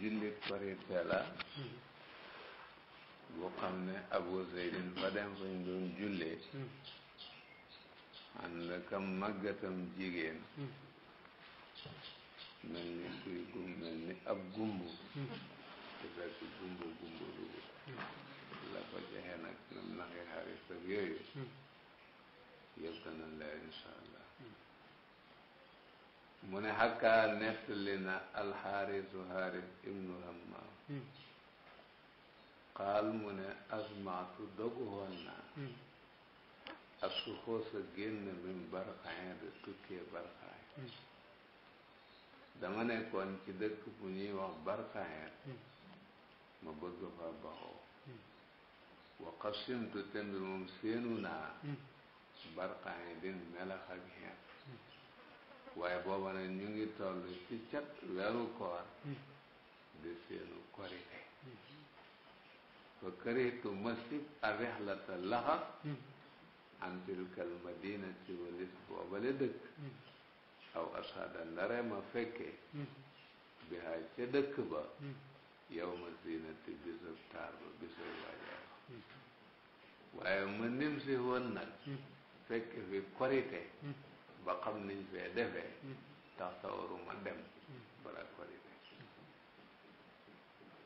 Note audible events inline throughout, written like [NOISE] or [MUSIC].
jullit kori tela boo xam ne abu zeydin fa dem fa ñu doon jullee ànd ak màggatam jigéen mel ni kuy gum mel ni ab gumbu te fekk gumbu gumbu dugg la ko joxe nag nam naxi xarit ak yooyu yëpp dana leer incha mu ne xakkaa nettali na alxaarisu xaaris ibnu hammaam hmm. qaal mu ne asmaatu dogu woon naa hmm. asku xoosa génn min barxayen de tukkee barxayen hmm. dama nekkoon ci dëkk bu ñuy wax barxayen ma bëgg fa baxoo wa qasimtu te mbir moom séenu naa barxayen din melax ak xeet waaye booba nag ñu ngi toll ci cat weeru koor hmm. di seenu korite fa karitu masib arrihlata laxa hmm. an tilkal madinati walis boobale dëkk hmm. aw asada ndare ma fekke bi haa ca dëkk ba yow ma zinati bisab taar ba bisab waajaay waaye ma nim si woon nag fekke fi korite ba xam niñ fee defee hmm. tax sawaruma dem hmm. bala korite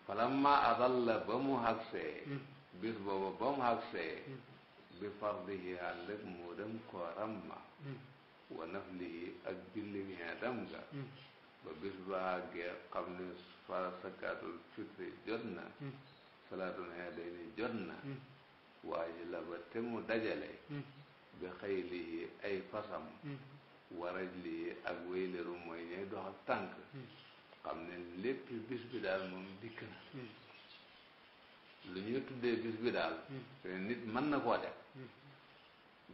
falamma adalla ba mu hagsee hmm. bis booba ba mu hagsee bi fardihi àllëg mu dem kooram ma wa naflihi ak julli ñeetam ga ba bis ba àggee xam ne fara sakaatul fitri jot na salaatul xeedayni jot na waaye la ba te mu dajale bi xëy lii ay fasam waraj lii ak wéyleeru mooy ñay dox ak tànk xam ne lépp bis bi daal moom dikk na lu ñu tuddee bis bi daal nit mën na koo def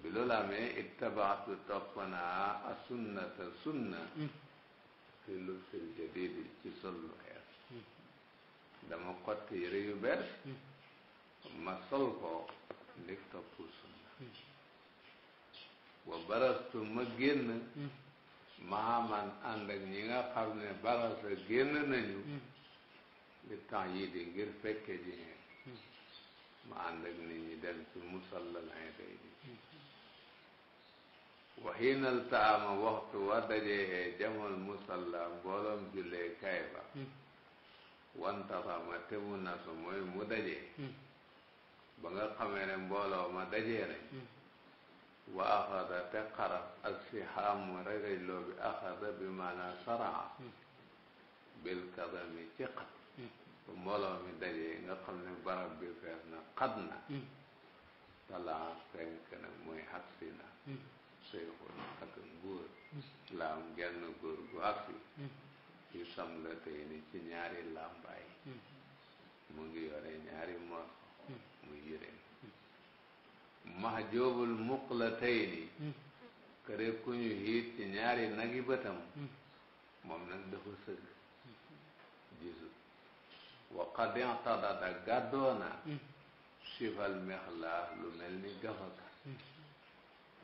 bi loolu amee ittabaatu topp naa a sunnata sunna fi lubsil jadidi ci sol lu xees dama xotti yëre yu bees ma sol ko ndik topp sunna wa barastu ma génn hmm. maaman ànd ak ñi nga xam ne barasa génn nañu hmm. li temps yii di ngir fekke ji ngeen hmm. ma ànd ak nit ñi dem ci musallal ay day ji waxiinal taama waxtu wa dajee jamal musalla mbooloom jullee kay ba wantasama te mu nasu mooy mu dajee ba nga xamee ne mbooloo ma dajee nañ wa axada te xarab ak sihaamu regaj loo bi axada bi maanaa saraa bil kadami ci xat bu mbooloo mi dajee nga xam ne barab bi fees na xat na talaa fenk na mooy agsi na seyxul ak nguur laam genn góor gu agsi ci sam la tey ni ci ñaari làmbaay mu ngi yore ñaari morso mahjubul muqlatayni hmm. kare ku ñu hiit ci ñaari nagi bëtam hmm. moom nag dafa sëgg gisut wa qad inqadada gàddoona hmm. sifal mexlaa lu mel ni gafaka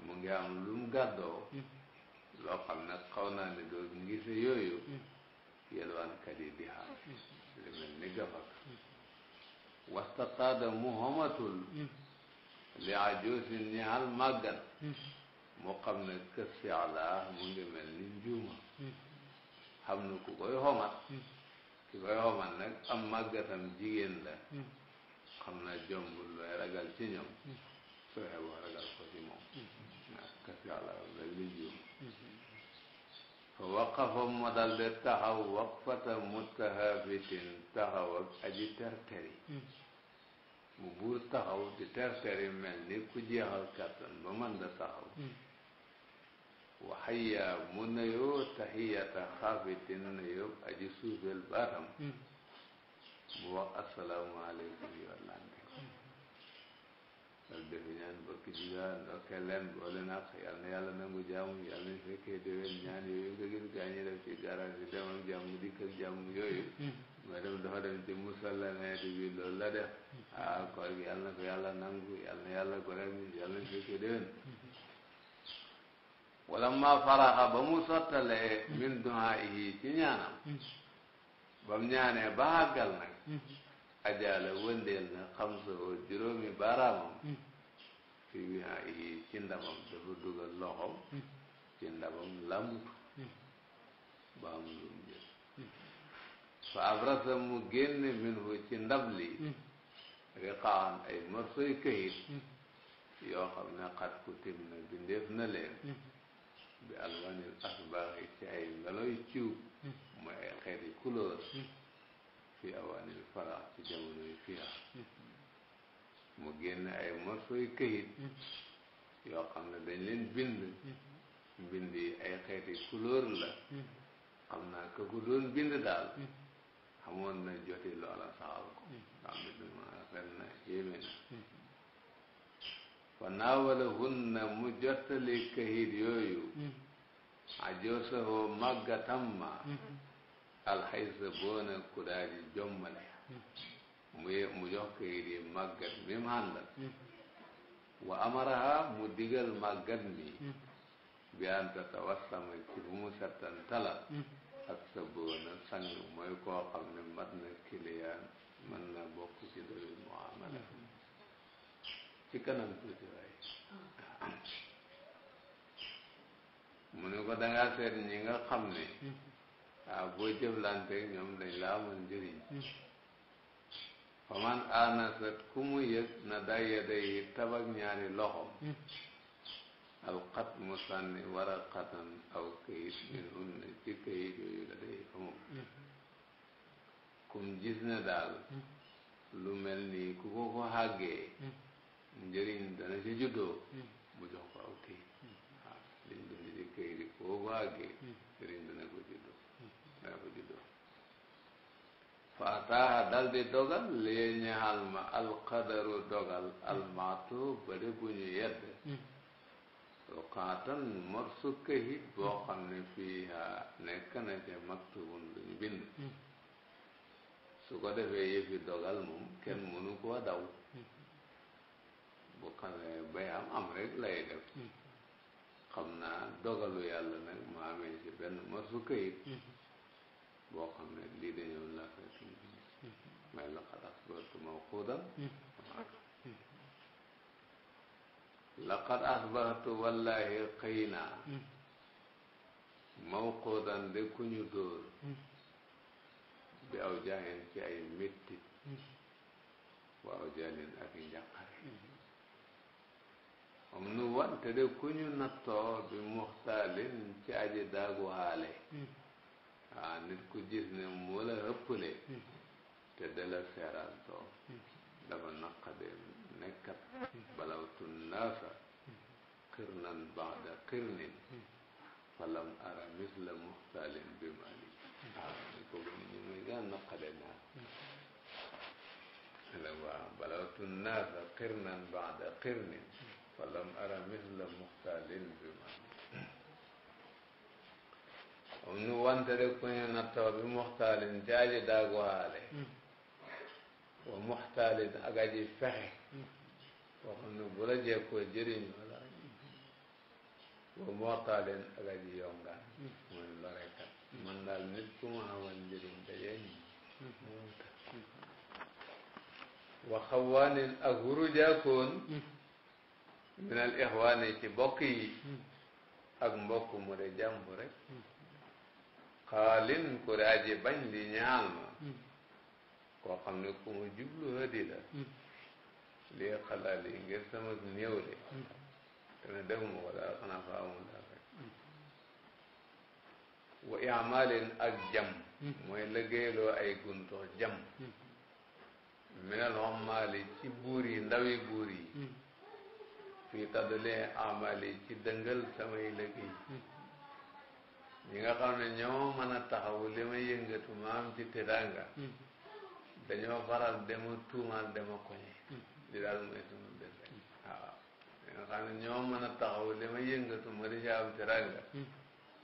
mu ngi lu mu gàddoo loo xam ne xaw naa ne doo ngise yooyu yelwaankat yi di xam lu mel ni gafaka wastataada mu homatul li ajuusin ñaal màggan hmm. moo xam ne kër si alaa mu ngi mel ni njuuma hmm. ne ku koy xomat hmm. ki koy xomat nag am màggatam jigéen la xam na jombul looy ragal ci ñoom soo xeboo ragal ko ci moom waaw kër si alaa mel ni njuuma fa waqafa mu dal de taxaw waqfata mutahafitin taxaw ak aji terteri mu buur taxaw di terter yu mel ni ku jeexal kàttan ba man da taxaw hmm. waxaya mu nayoo tahiyata xaafitin nayoo aji suufeel baatam hmm. mu wax asalaamaaleykum yoo lante ko loolu defe ñaan bokki jigaan ndokkee leen boole naq yàlla na yàlla nangu jaamu yàlla nañ fekkee déwén ñaan yooyu nga gis gaa ñi def ci garage yi dem ak yooyu hmm. ma dem dafa dem ci musalla mais bi loolu la def ah koor gi hmm. hmm. hmm. na ko yàlla nangu yàlla na yàlla ko ñu yàlla na fekkee déwén wala ma faraxa ba mu sottalee min duhaayihi ci ñaanam ba mu ñaanee ba àggal nag ajaala wëndeel na xam sa oo juróomi baaraamam fi duhaayihi ci ndabam dafa dugal loxom ci ndabam lamutu ba am lu fa abrasa mu génne minhu ci ndab li riqaan ay morsoy këyit yoo xam ne xat ku tim na bindeef na leen bi alwanil asbaaxi ci ay meloy ciw mooy ay xeeti couleur fi awanil farax ci jamonoy fiya mu génne ay morsoy këyit yoo xam ne dañ leen bind bind yi ay xeeti la xam naa ka ku doon bind daal xamoon na joti loola saxal ko am bi duma rafet na yéeme na mu jottali kahit yooyu ajoosahoo màggatam ma alxaysa boona ku daal di jommale mu ye mu jox kahit yi màggat mi mu wa amaraha mu digal màggat mi bi an tatawassama ci fu mu settan ak sa boona sang mooy koo xam ne mat na kiliyaan ah, mën ah, na bokk ci dëru muamala ci kanam tuuti waay mu ne ko dangaa seet ñi nga xam ne waaw boo jëflanteeg ñoom dañ laa mën njëriñ faman aanasat ku mu yëg na day yaday tabak ñaari loxom aw xat mu sànni waraqatan aw kayit min hunna ci kayit yooyu la day fa kum gis ne daal lu mel ni ku ko ko xàggee njëriñ dana ci mu jox aw kayit waaw liñ bind ci kayit ku ko ko xàggee njëriñ dana ko juddoo dana ko dogal lee ñaxal ma alqadaru dogal almaatu bari bu ñu yedd ruqaatan morsu këyit boo xam ne fii nekk na ca maktubun luñ bind hmm. su ko defee yëfi dogal moom kenn mënu koo daw hmm. bu xamee bay am am rek lay def hmm. xam naa dogalu yàlla nag ma amee ci benn morsu këyit boo xam ne lii dañoo la fekk may la xalaas bootu mawquudan laqad asbahtu wallahi xëy naa hmm. mawqudan de ku ñu dóor hmm. bi aw ci ay méttit hmm. wa aw jaalin ak i njàqare am nu wante de ku ñu nattoo bi muxtaalin ci aji daagu xaale ah nit ku gis ne moo la ëppale te dala seeraan too dafa naqadee nekkat balawtu naasa qirnan baada qirnin falam ara misla muxtaalin bi mali waaw ah, ni ko gën ñu muy gaa naqade naa la waaw balawtu naasa qirnan baada qirnin falam ara misla muxtaalin bi mali om nu wante rek ku ñu nattaw bi muxtaalin jaaji daagu haale wa muxtaalin ak aji fexe koo xam ne bu la jekkoo jëriñu la wa mortaalin ak aji yongaan mooy lorekat man daal nit ku ma amal njëriñ te yéen wa xawaanin ak wurujaakoon min al ixwaani ci bokk yi ak mbokk mu de jàmb ku de bañ di ñaal ma koo xam ne ku ma jublu hëddi la hmm. lii xalaat yi ngir sama néew de hmm. te ne defuma ko daal xanaa fa amul daal hmm. rek ak jam mooy liggéeyloo ay guntox jam minal xommaali ci buur yi ndawi buur yi fii taddalee amali ci dëngal samay liggéey ñi nga xam ne ñoo mën a ma yëngatu maam ci tedanga dañoo faral dema tuumaal dema koñe di daal mooy sunu def mm. waaw nga xam ne ñoo mën a taxaw li ma yëngatu ma di jaam ci ranga mm.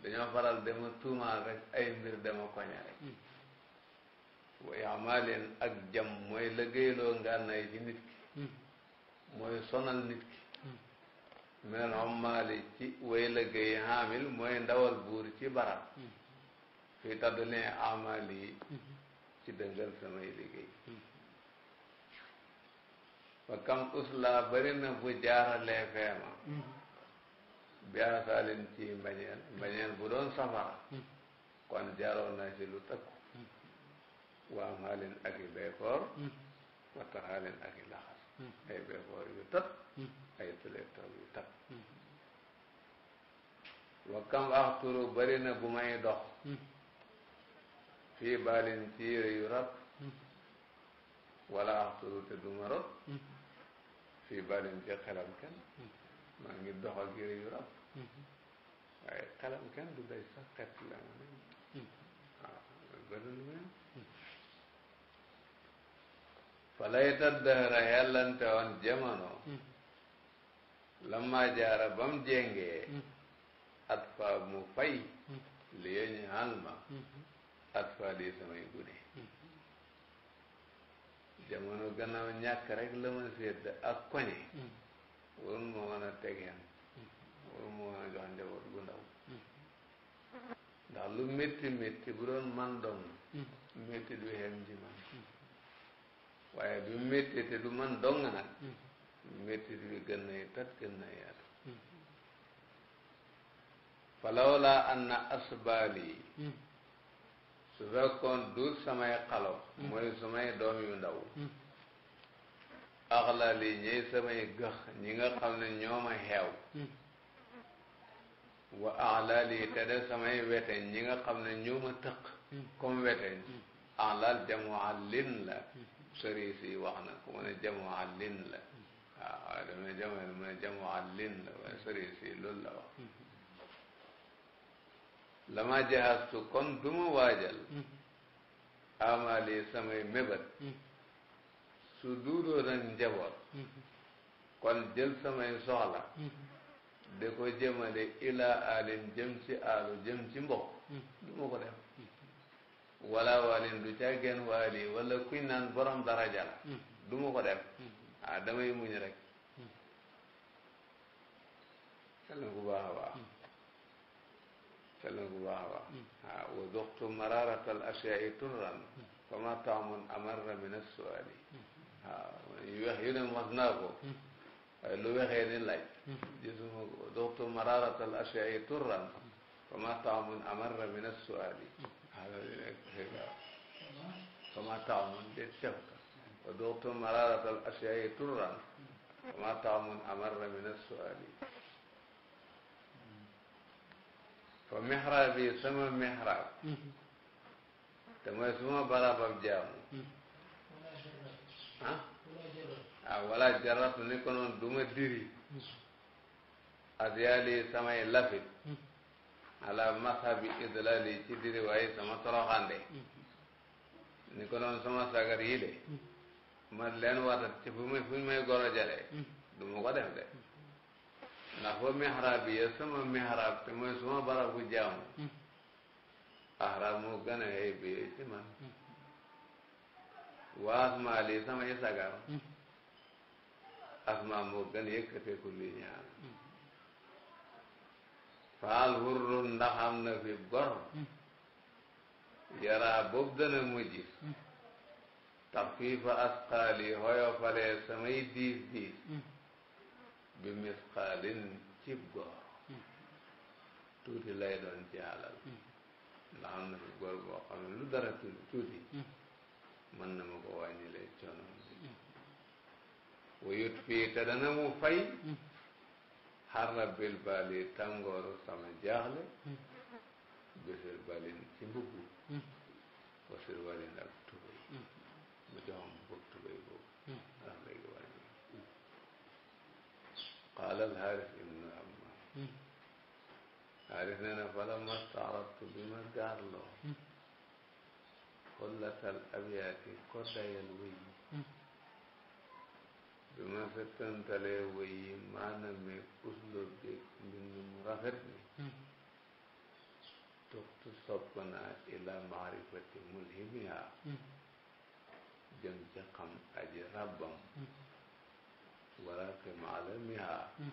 dañoo faral dema tuumaal rek ay mbir dema koñe rek mm. waaye xamaa leen ak jam mooy liggéeyloo ngànnaay ci nit ki mooy sonal nit ki minal xommaali ci way liggéey xaamil mooy ndawal buur ci barab fii taddulin amali yi mm-hmm. ci dëngal samay liggéey fa kam usla bari bu jaaralee feema biyaa ci mbañeel mbañeel bu doon safara kon jaaroon naa ci lu takku waam xaalin ak i beekoor watta xaalin ak i laxas ay beekoor yu tat ay tuleetor yu tat wa kam axturu bari bu may dox fii baalin ci yére yu rab wala axturu te duma rab fii baalin ci xelam kenn maa ngi dox ak yére yu rab waaye xelam kenn du day sax xet la ma ne waaw gënal meen falayta dëhëra xellante woon jamono lamma jaara ba mu jéngee at fa mu fay li yeñ xalma atfaal yi samay gune jamono gannaaw ñàkk rek la ma sédd ak koñe warul ma mën a tegeen warul ma mën a jox njaboot gu ndaw ndax lu métti métti bu doon man doon métti du xem ji waaye bi métti te du man dong nag métti bi gën nay tat gën nay yaatu falawlaa anna asbaali su fekkoon duut samay xalaw hmm. mooy samay doom yu ndaw hmm. axlaal yi ñëy samay gëx ñi nga xam ne ñooma xeew hmm. wa axlaal yi te de samay weteñ ñi nga xam ne ñooma tëq comme weteñ axlaal jamu allin la sëri si wax na ko mu ne jamu allin la waaw waaye dama la waaye sëri si loolu la wax lama jahastu kon duma waajal amali samay mébét su duudoo nag njaboot kon jël samay soxla da ko jëmale ila alin jëm ci alu jëm duma ko def wala walin du caggeen waali wala kuñ naan borom daraja la duma ko def ah damay muñ rek sell ku baax a baax selling bu baax a baax wa duxtu mararatal asiyaa turran fa ma taamun amarra min assuali waaw yu weex yu ne mos naa ko waaye lu weexee ni laaj gisuma ko wa duxtu mararatal asiyaa turran fa ma taamun amarra min assuali fa ma taamun déet cafka wa duxtu mararatal asiyaa turran fa ma taamun amarra min assuali fa mihraab yi sama mihraab te mooy suma barabam jaamu ah ah wala jaratu ni ko noon du ma diri adyali samay lafit ala mazhabi idlali ci diri waaye sama toroxande ni ko noon sama sagar yi de ma leen watat ci fu muy fu ñu may goro jale mm-hmm. du ma ko def ndax wa mihraab yi sama mihraab te mooy suma barabu hmm. jaamu ahraab moo gën a xëy bi ci man wa asmaa lii sagar asmaa moo gën yëkkateeku li ñaan hmm. faal hurrun ndax na fi gor hmm. yaraa boobu dana mujj tax fii fa asqaali hoyo falee samay diis diis bi misqaalin cib góor tuuti lay doon ci alal ndax am na fi góor xam ne lu dara tuuti mën na ma ko wàññilee coono wuyut fii te dana mu fay xarra bil bali tàngooru sama jaaxle bisir balin ci mbubbu wasir walin ak mu joxam alal Haaris ibnu Hammaam Haaris nee na fala mastaarabtu bi ma gaarloo xullatal abiyaati koddayal wëy yi bi ma settantalee wëy yi maanaam mi uslub bi mbind mu rafet mi tuxtu sopp naa ila maarifati mulhimiha jëm ci xam aji rabbam wala fi maalamiha hmm.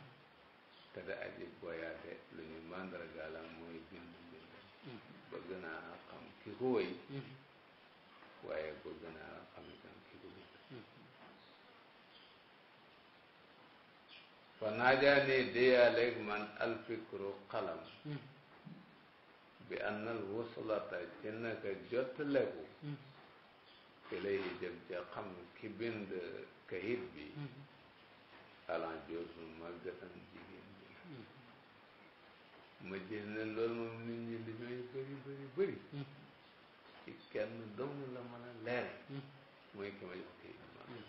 te de aji boyaate lu ñu màndargaala mooy bind mbindam bëgg naa xam ki ko wéy hmm. waaye bëgg naa xam ki ko hmm. fa naajaani diyaaleeg man alfikru xalam bi annal wuslata ci naka jottaleku ilayhi jëm ca xam ki bind kayit bi talent jooju màggatam jigéen ñi ma gis ne loolu moom nit li ñooy bëri bëri bëri ci kenn dong la mën a leer mooy ki ma jox kii ma mm.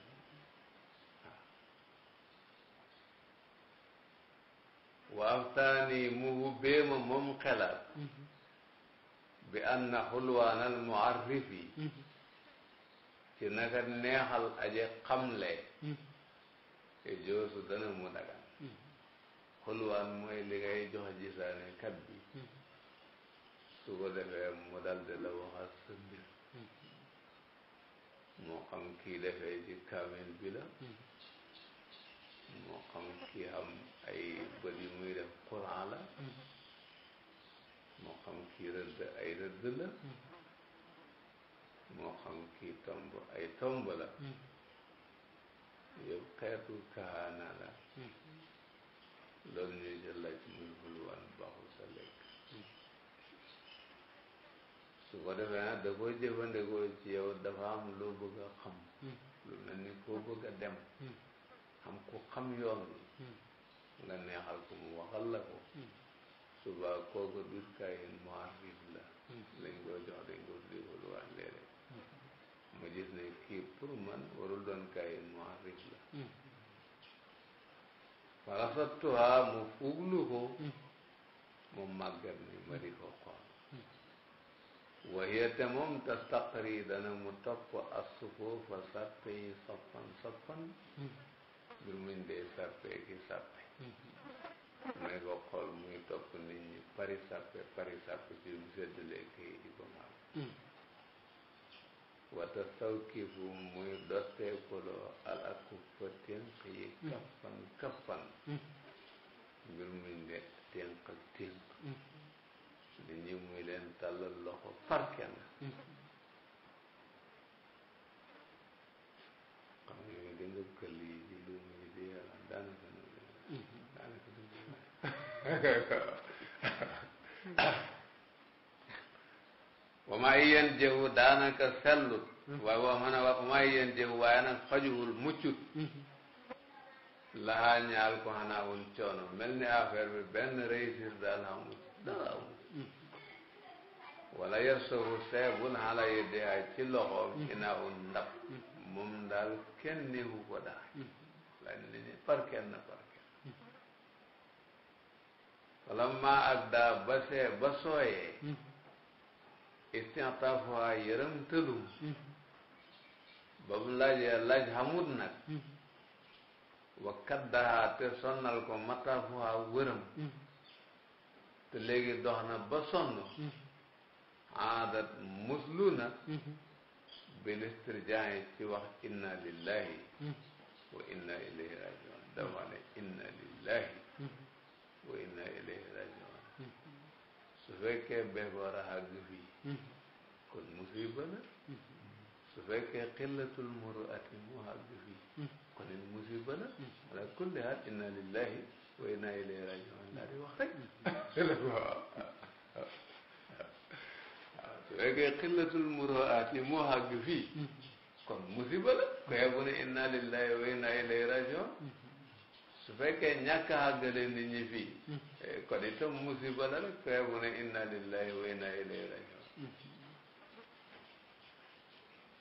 waaw waamtaani mu wubbee ma moom xelaat bi anna xulwaanal muarrifi mm-hmm. ci naka neexal aje xamle mm-hmm. e joosu dana mu dagan xulwaan mooy li ngay jox gisaane kat bi su mu daldi la waxaat sa moo xam kii defee ci kaamil bi la moo xam kii xam ay bët yi muy def quran la moo xam kii rëdd ay rëdd la moo xam kii tomb ay tomb la yëpp xeetu kaana la mm-hmm. loolu ñuy jëllaaj muy bulwaan baaxul sa lekk mm-hmm. su ko defee nag da koo jëfandikoo ci yow dafa am loo bëgg a mm-hmm. lu mel ni koo bëgg a dem xam ku xam yoon bi nga neexal ko mu waxal la ko suba kooku dut kayin mu arrive la lañ koo jox dañ ko di bulwaan léeg-léeg ma gis ne kii pour man warul doon kay muharrik la wala hmm. sattuha mu fuglu ko mu hmm. màggat ni ma di ko xool hmm. wayete moom tastaqri dana mu topp assufoofa sappe yi soppan soppan bi muñ dee sappe ki sappe may ko xool muy topp nit ñi pari sappe pari sappe ci mu seddalee kii di ko wata tawkifu muy dotteekuloo al hmm. ak ku fa ténk yi kaffan kaffan mbir muy nekk ténk ak ténk muy leen tàllal loxo hmm. par kenn hmm. xam nga ñu gën a këll yi ci lu muy di yaram daanaka daanaka maa yéen jëwu xajuwul muccut laxaa ñaal ko xanaa wul coono mel ni affaire bi benn réussir daal amul dara amul wala yar ci loxoom ci naawul ndab daal kenn néewu ko daal lañ li ñu par kenn par kenn daa ba see ba sooyee istintaafuha yërëm tëlum ba mu laajee laaj xamut nag wa kaddaha te sonnal ko mataafuha wërëm te léegi dox na ba sonn aadat muslu na bil istirjaan ci wax inna lillahi wa inna ilayhi rajiun dafa ne inna lillahi wa inna ilayhi rajiun su fekkee bee ko raxa gi fii kon musiba la su fekkee xillatul muruati moo àgg fii kon kon musiba la ko yebu ne lillahi wa inna ilayhi rajiun su fekkee ñàkk a àggale ñi fii eh, kon itam musiba la ko yebu ne lillahi wa inna ilayhi rajiun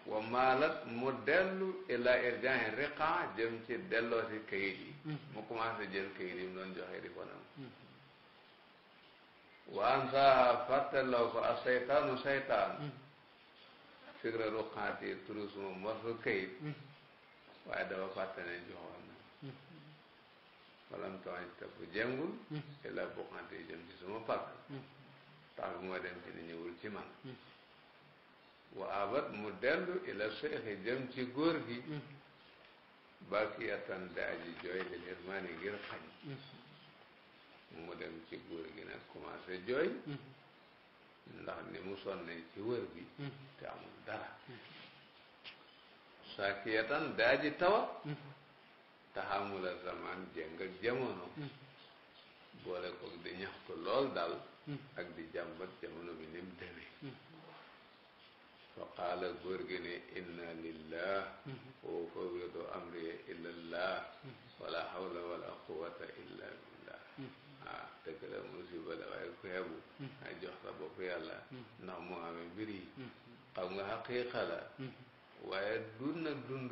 wa maalat mu dellu ila irjaahi riqa jëm ci delloosi kayit yi hmm. mu commencé jël kayit mu doon joxe di ko nam hmm. wa an saa fàttaloo ko ak seytaanu seytaan hmm. fikra ruqaati turu suma morsu kayit waaye dafa fàttane joxoon na walam tooñ te bu jëngul ila buqante jëm ci suma pàkk tax bi dem ci ni ñëwul ci man waa waabat mu dellu ila seexi jëm ci góor gi mm-hmm. bakiyatan daaji jooy li nirmaani ngir xañ mm-hmm. mu dem ci góor gi nag commencé jooy mm-hmm. ndax ni mu sonnee ci wër bi te amul dara saakiyatan daaji tawa taxamula zaman jëng jamono boole koog di ñaxtu lool daal ak di jàmbat jamono bi ni mu fa qaala góor gi ne inna lillah wa ufawwidu amri ilallah wala hawla wala quwwata illa billah ah dëgg la musiba waaye ku xebu a jox sa bopp yàlla ndax mu amee mbir yi xam xaqiiqa la waaye dund nag dund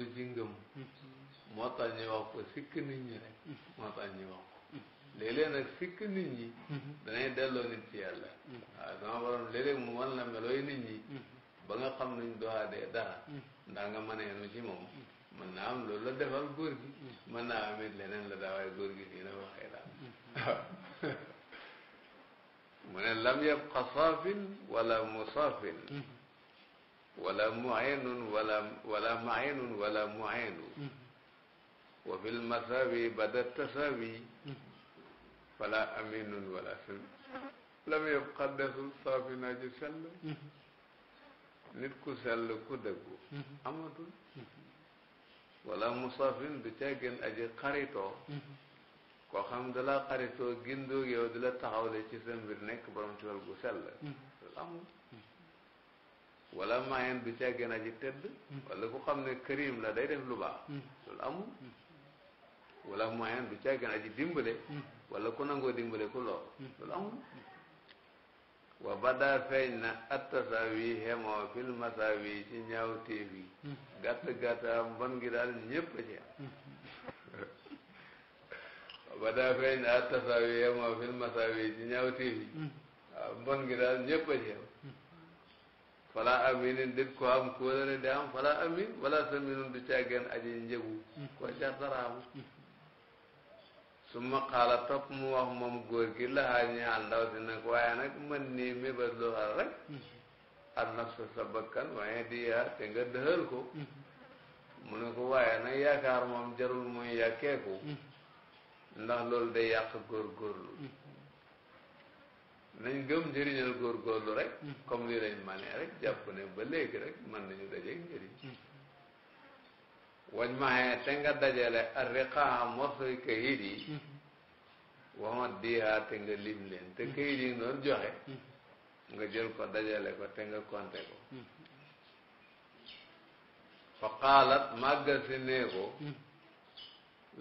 moo tax ñu wax ko sikk nit ñi rek moo tax ñu wax ko léeg sikk nit ñi danay delloo nit ci yàlla sama borom léeg mu wan la melooy ñi ba nga xam nuñ doxaatee dara ndax nga mën a yenu ci moom mën naa am loolu la defal góor gi mën naa amit leneen la daawaay góor gi nii la waxee daal mu ne lam yabqa saafin wala musaafin wala muaynun wala wala muaynun wala muaynu wa fil masaawi bada tasaawi fala aminun wala sim lam yabqa desul saafin aji sell nit ku sell ku dëggu mm-hmm. amatul mm-hmm. wala musafin du ca gën aji xaritoo mm-hmm. koo xam dalaa la xaritoo gindoo yow di la taxawle ci sa mbir nekk borom ci wal gu sell loolu amul wala mayen du ca gën aji tëdd wala ku xam ne karim la day def lu baax loolu amul wala mayen du ca gën aji dimbale wala ku nangoo dimbale ku lool loolu amul wa bada at na attasawi hemoo fil masawi ci ñaaw téef yi mm-hmm. gàtt gàtta mbon gi daal a ci am mm-hmm. wa bada feeñ na attasawi hemoo fil masawi ci ñaaw téef yi mm-hmm. waaw mbon gi daal a ci am fala aminin dëg ko am kóolare di am fala amin wala saminun du càggeen aji njëgu ko ca saraamu su ma xaala topp mu wax moom góor gi la xaa ñaal ndaw si waaye nag mën nii mébat lu xal rek mm-hmm. ak nafsu sa bakkal waaye di yaa te nga dëxal ko mm-hmm. mu ne ko waaye nag yaakaar moom jarul muy yàkkeeku mm-hmm. ndax loolu day yàq góorgóorlu nañ gëm njëriñal góorgóorlu rek comme li lañ manee rek jàpp ne ba léegi rek mën nañu dajeeg njëriñ wañ maxee te nga dajale ak riqaa morsoy kayit yi mm-hmm. waxoon diihaa te nga lim leen te kayit yi noonu joxe mm-hmm. nga jël ko dajale ko te nga konte ko mm-hmm. fa qaalat màgga si la ko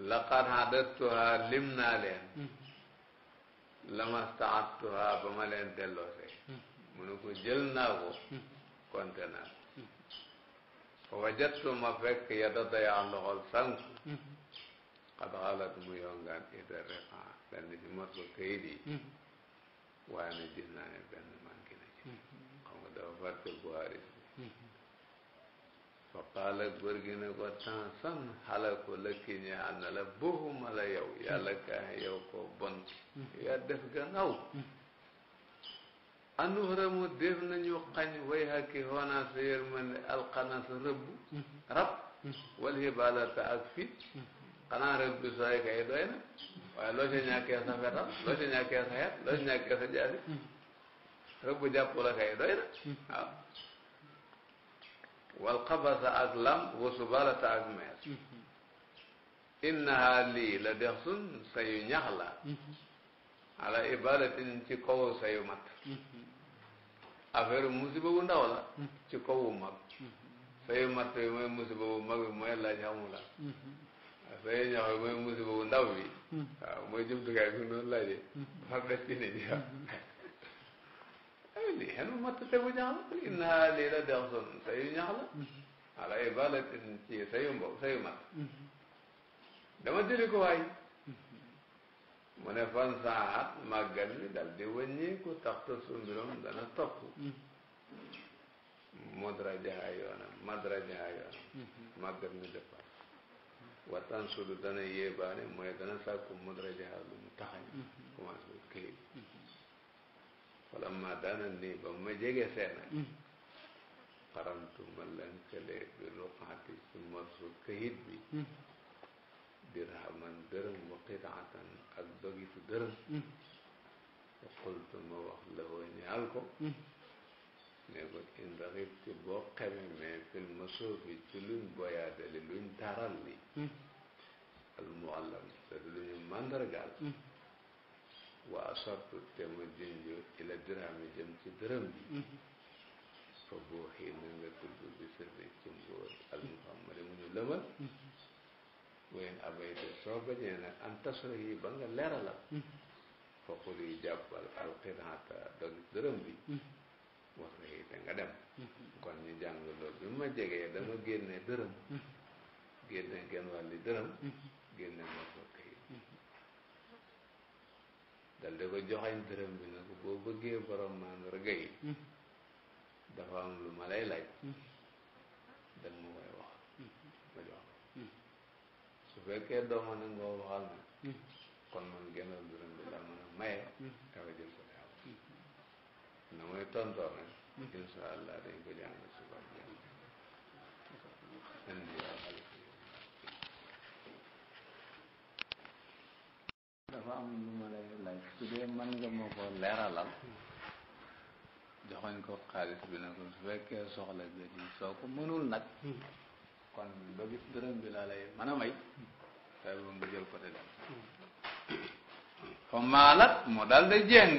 laqad hadattuhaa lim naa leen lamastaattuhaa ba ma leen delloose mu ne ko jël na ko konte naa wajatu ma fekk yadda dayaa loxol sànku xat xalat mu yongaan ita refan benn ci mot ko kayit yi waaye na gis naa ne benn manqué na ci xam nga dafa fàtte buhari bi fa qaala góor gi ne ko temps san xala ko lëkki ñaan na la boxuma la yow yàlla ko bon yaa def gannaaw anuhramu def nañu xañ way hakki hoonaa sa yërmande alxanasa rëbb mhm. rab mhm. wal hibalata ak fit mhm. xanaa rëbb bi kay doy na loo ca ñàkkee sa fetal loo ca ñàkkee sa xeet loo ca ñàkkee sa jaasi rëbb jàpp la kay doy na waaw wal xabasa ak lam wa subalata ak meer innaha lii la dex sun sa yu ñax la ala ibalatin ci kaw sayu mat affaire musiba bu ndaw la ci kaw wu mag sayu mat bi mooy musiba bu mag bi mooy laaj xamu la sayu ñax bi mooy musiba bu ndaw bi waaw mooy jumtukaay bi noonu laajee far des ci nit ñi lii xel mu mat te bu ñax la innaa lii la dex son sayu ñax la ala ibalatin ci sayu mbo sayu mat dama jëli ko mu ne fan saat màggal mi dal di wàññiku taxta sumbirom dana topp mm. madrajaha yoonam madrajaha yoonam mm-hmm. màggal mi dëppal watan sudu dana yéebaane mooy dana sàkku madrajaha lu mu taxañ mm-hmm. commencé këyit wala mm-hmm. ma daana nii ba ma jege seena mm. xaramtu ma lënkalee bi ruqaati ci morsu këyit bi mm. dirhaman dërëm wa qitaatan ak bagitu dërëm wa hmm. qultu ma wax lahu ñaal ko hmm. ne ko in raxibti boo xeme mais fil masoofi ci luñ boyaadali luñ taral li hmm. al muallam te du lu ñu màndargaal wa asartu te ma junju ila dirhami jëm ci dërëm bi fa boo xii na nga tudd bi sirri ci mbóot al muhammadi mu ñu lëmal wayen abayte soo bañee nag an tasra yi ba nga leeralal fa xul yi jàppal alxiraata doon dërëm bi wax na nga dem kon ñu jàng loolu bi ma jegee dama génne dërëm génne genn wàlli dërëm génne moo ko joxañ dërëm bi nag boo bëggee borom mandarga yi dafa am lu ma lay laaj dal ma fekkee dooma nangoo bi hmm. hmm. hmm. dafa am lu ma lay su dee man nga ma ko leeralal joxoñ ko xaalis bi ne ko su fekkee soxla bi soo ko mënul nag kon ba gis dërëm bi laa lay mën a may tawi ba mu jël ko di dem fa maalat mu dal di jéng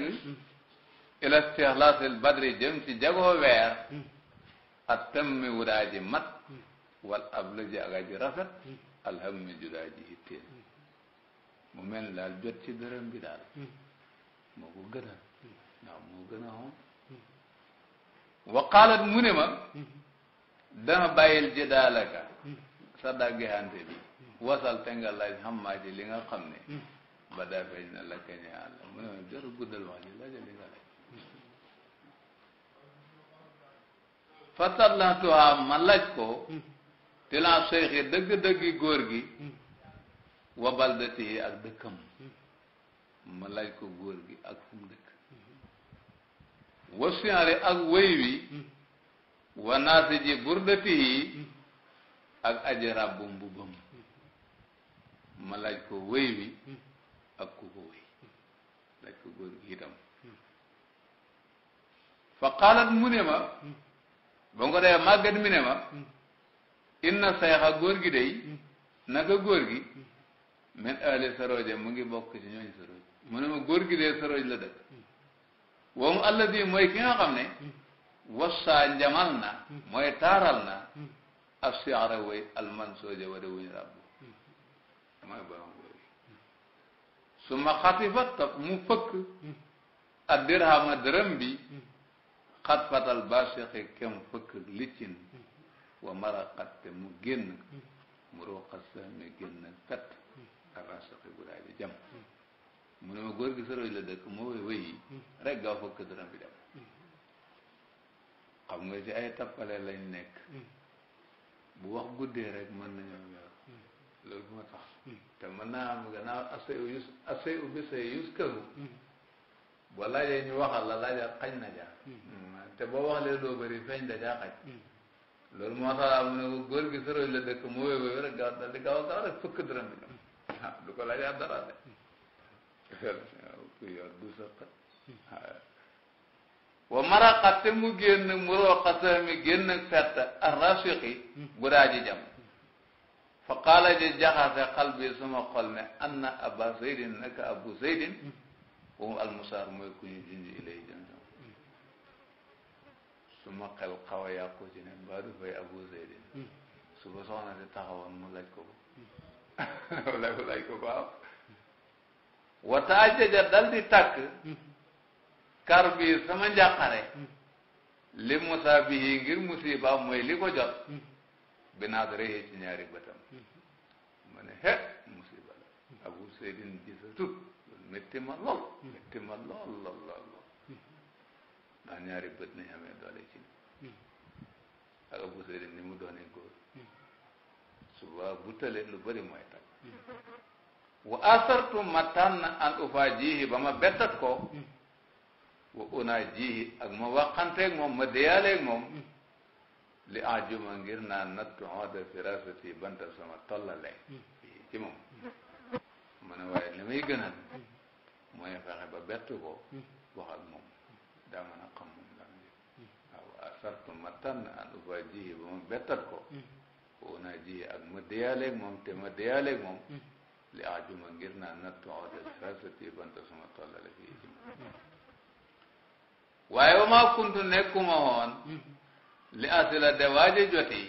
ila stixlaasil badri jëm ci jagoo weer ak tam mi mat wal abla ji aga rafet alhammi judaa ji hitteel mu mel ni daal jot ci dërëm bi daal moo ko gën a ndax moo gën a xoom mu ne ma dana bàyyil ji daalaka sa daggi hante bi wasal te nga laaj xam maa ji li nga xam ne hmm. ba daa feeñ na lakka ñe àlla mu ne jëru guddal wax ji laaj li nga laaj fatalatuha ma laaj ko hmm. tilan seyxi dëgg-dëggi góor gi hmm. wa baldatihi ak dëkkam ma laaj ko góor gi ak fu mu dëkk wasiyaare ak wéy wa naasi ji burdatihi ak aji ràbbu mbubam ma laaj ko wéy wi hmm. ak ku ko wéy hmm. laaj ko góor gi itam fa qaalat mu ne ma hmm. ba nga ko dee mi ne ma inna sayxa góor gi day naka góor gi min ahli sarooja mu ngi bokk ci ñooñu sarooja mu ne ma góor gi dee sarooja la dëkk woomu alladi mooy ki nga xam ne wassa njamal na mooy taaral na ab siara way almansooja wada wuñu ràbb mooy borom yooyu su ma xatifa topp mu fëkk ak dirhama dërëm bi xat fatal basiqi kem fëkk liccin wa maraqat te mu génn mu roqat sa mi génn fett ak rasiqi bu di jam mu ne ma góor gi saroj la dëkk moo wéy wéy yi rek gaaw fëkk dërëm bi dem xam nga ci ay tappale lañ nekk bu wax guddee rek mën nañoo loolu moo tax hmm. te mën naa am gannaaw asay u yus asay u say yus këru hmm. boo laajee ñu waxal la laajal xañ na jaa hmm. te boo waxlee loo bëri feeñ da jaa xaj loolu moo tax mu ne ko góor gi soroñ la dëkk mu wéy wéy rek gaaw dal di gaaw rek fëkk dërëm bi ah du ko laajaat dara de ku yor du sëq ah. wa maraqat te mu génn mu rooqa sami génn fett arrasiqi bu daa ji jam fa qaala ji jaxase xalbi sama xol ne anna aba zeydin naka abu zeydin wum almusaar mooy ku ñu junj ilay jëm jëm su ma xel xaw a yàqu fay abu zeydin su ba soxna si taxawoon mu laaj ko ko [LAUGHS] laaj ko laaj ko baaw kar bi sama njàqare li musaa bi ngir musiba mooy li ko jot binaat rëy ci ñaari bëtam ma he musiba abu seydin gisatut métti ma lool métti ma lool lool lool lool ndax ñaari bët nañ amee doole ci ak abu seydin ni mu doonee góor suba bu lu bëri mooy wa asartu ma tànn an ufa jiihi ba ma bettat ko wa una jiihi ak ma waxanteeg moom ma deyaaleeg moom li ajuma ngir naa nattu oda firasati banta sama tollale bii hmm. ci moom mu ne waaye li may mooy fexe ba bettu ko hmm. wax ak moom daa mën a xam moom hmm. asartu ma tànn an uba ba ma bettat ko wuna ak ma déyaaleeg moom te ma déyaaleeg moom li ajuma ngir naa nattu oda firasati banta sama tollale bii ci moom waaye maa kuntu nekkuma woon li asila de waaje joti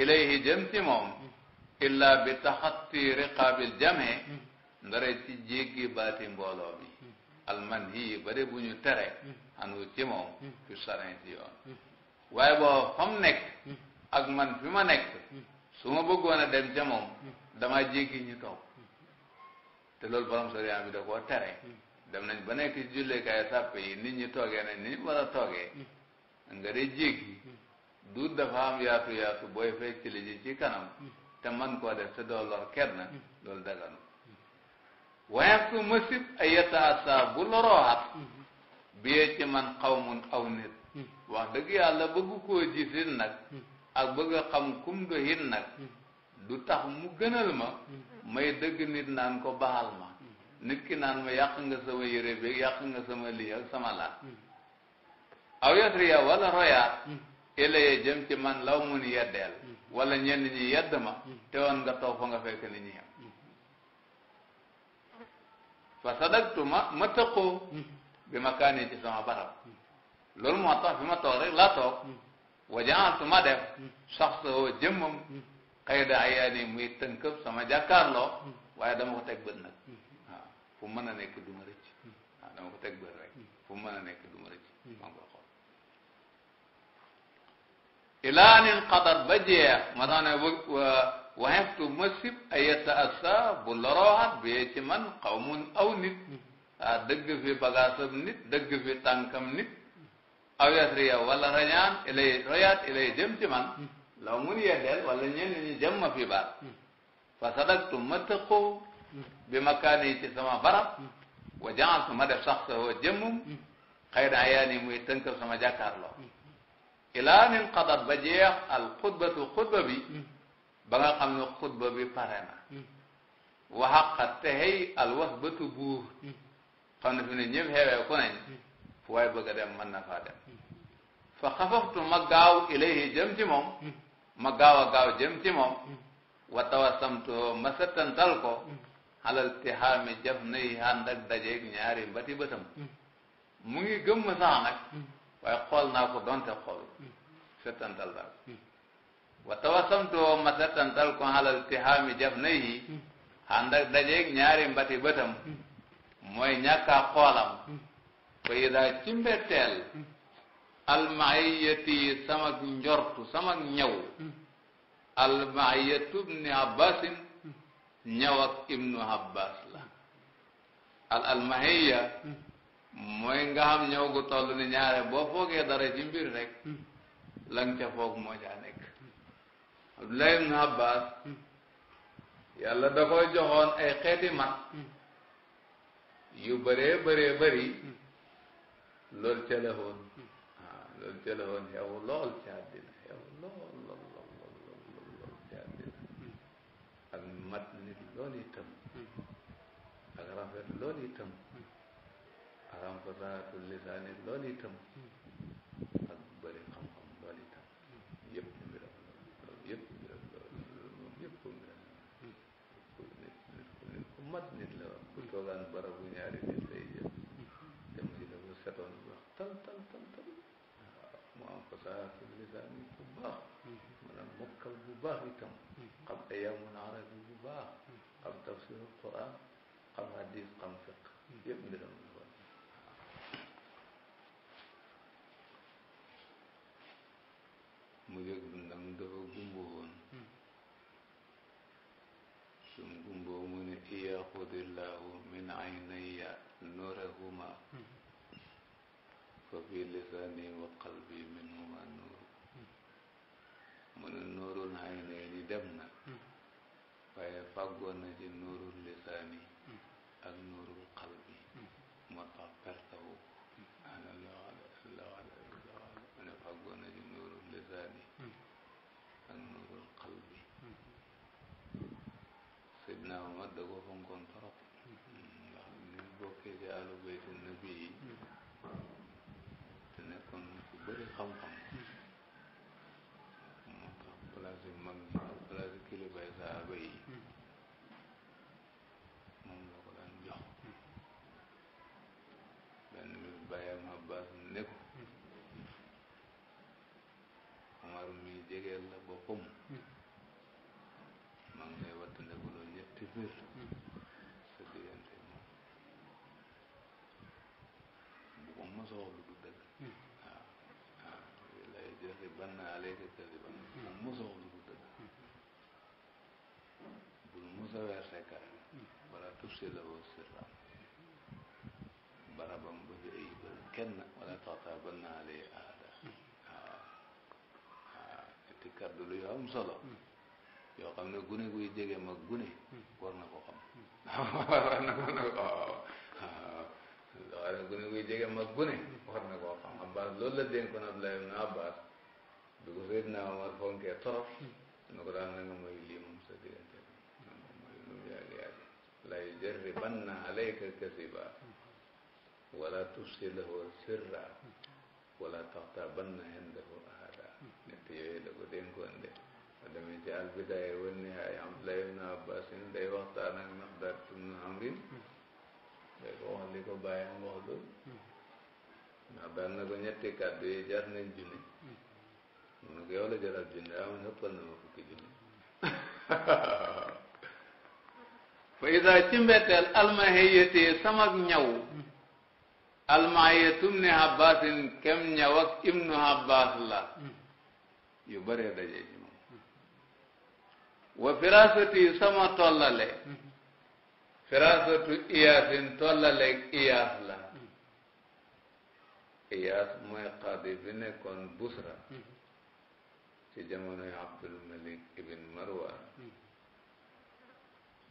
ilayhi jëm ci moom illa bi taxatti riqaabil jamee ndare ci jéggi baati mbooloo mi alman hii bare bu ñu tere xanu ci moom fi sarin ci yoon waaye boo fam nekk ak man fi ma nekk su ma bëggoon a dem ca moom dama jéggi ñu toog te loolu borom sariya bi da koo tere dem nañ ba nekk ci julleekaay sàppe yi nit ñi toogee nañ ni ñu war a toogee nga de jéggi mm-hmm. du dafa am yaatu yaatu booy fekk ci li ci kanam mm-hmm. te man koo def te doo lor kenn mm-hmm. loolu daganu waaye su masib ay yataasa bu lorooxat biyee ci man xawmun aw nit wax dëgg yàlla bëgg koo gisin nag ak bëgg a xam kum doxin nag du tax mu gënal ma may dëgg nit naan ko baxal ma nit ki naan ma yàq nga sama yére bi yàq nga sama lii ak sama laat aw yasriya wala roya ilayee hmm. jëm ci man law mun yeddeel hmm. wala ñenn ñi yedd ma hmm. te woon nga toog fa nga fekk ni ñi am fa sadaktu ma ma tëqoo bi ma kaani ci sama barab loolu moo tax bi ma toog rek laa toog wajaantu ma def sax soo jëmmam xëy da ayaani muy tënkëb sama jàkkaarloo waaye dama ko teg mën a nekk du ma rëcc waaw ko teg bët fu mën a nekk du ma rëcc ilaa nin xadat ba jeex ma tax ne waxeftu ma sib ayetta assa bu lorooxat biyee ci man xaw mun aw nit waa dëgg fi bagaasam nit dëgg fi tànkam nit aw yasriya wala rañaan ilay royaat ilay jëm ci man law mun yeddeel wala ñenn ñi jëm ma fi baat fa sadaktu ma tëqoo bi makaan yi ci sama barab wa jaxal ma def sax sa woo jëmmum xëy na yaa ni muy tënkal sama jàkkaarloo ilaa nin qadat ba jeex al xutbatu bi hmm. ba nga xam ne xutba bi pare na hmm. waxaqat te xëy al was batu buur hmm. xam ne fi ne ñëpp xeewee ku nañ fu waay bëgg a dem mën na faa fa xafaftu ma gaaw ilayhi jëm ci moom ma gaaw a gaaw jëm ci moom wa tawasamtu ma settantal ko xalal tihaami jaf nay ànd ak ñaari mbati bëtam mu ngi gëm sax waaye xool naa ko donte xool hmm. settantal naa ko hmm. wa tawasamtoo ma settantal ko xalal tihaami jaf na yi hmm. ànd ak dajeeg ñaari mbati mooy ñàkkaa xoolam fa yidaa ci mbetteel samak njortu samak ñaw almaiyatu ibni abbasin ñaw ak abbas la al mooy nga xam ñëw gu toll ni ñaare boo foogee dara ci mbir rek hmm. la nga ca foog moo caa nekk Abdullah ibn Abbas hmm. yàlla da ko joxoon ay xeeti mat hmm. yu bëree bëree bëri loolu ca la woon ah lool ci àddina xew lool lool lool ci àddina ak mat nit loolu itam ak rafet loolu itam xaram fasaatul lisaani lool itam ak bëri xam-xam lool itam yëpp mbiram loolu yëpp mbiram loolu loolu moom yëpp mbiram nit nit nit ku mat nit la wax ku toogaan barabu ñaari nit lay jël dem ci dafa setoon wax tal mu am fasaatul lisaani bu baax maanaam mokkal bu baax itam xam ayaamul arabi bi lisani wa qalbi minhuma nuur mu ne nuurul aynayni dem na hmm. waaye fàggoon na ci nuuru banna aleyka kadiban bu musaw dugg dëgg bul musawee sekkare wala tufsi la woo sirram barabam bu fi ayibal kenn wala taxtaa banna aley aada waaw waaw ñetti lu yoo am yoo xam ne gune guy jege mag gune ko xam war na ko nag waaw waaw gune guy jege mag du ko Seydina Omar fonkee nu ko daan nanga mooy lii mu yàgg yàgg la yujarribanna kasiba wala tufsilahu sirra wala taxtabanna indahu ahada ñett yooyu la ko dénkoon de ba demee ci albidaaya wa nihaaya Abdullah ibn Abbas day waxtaan ak Miqdaad ibn Amr day ko wax li ko bàyyam wax loolu ndax daan yi jar nañ mun nga yow la jëlal junni waaw man na ma fukki junni [LAUGHS] fa isa ci mbetteel almahiyati samak ñaw almahiyatum ni habbasin kem ñaw ibnu habbas la yu bëree daje ci moom wa firasati sama tollale firasatu iyaasin tollaleeg iyaas la mm. iyaas mooy xaadi bi nekkoon busra mm. ci jamonoy Abdul Malik ibn Marwan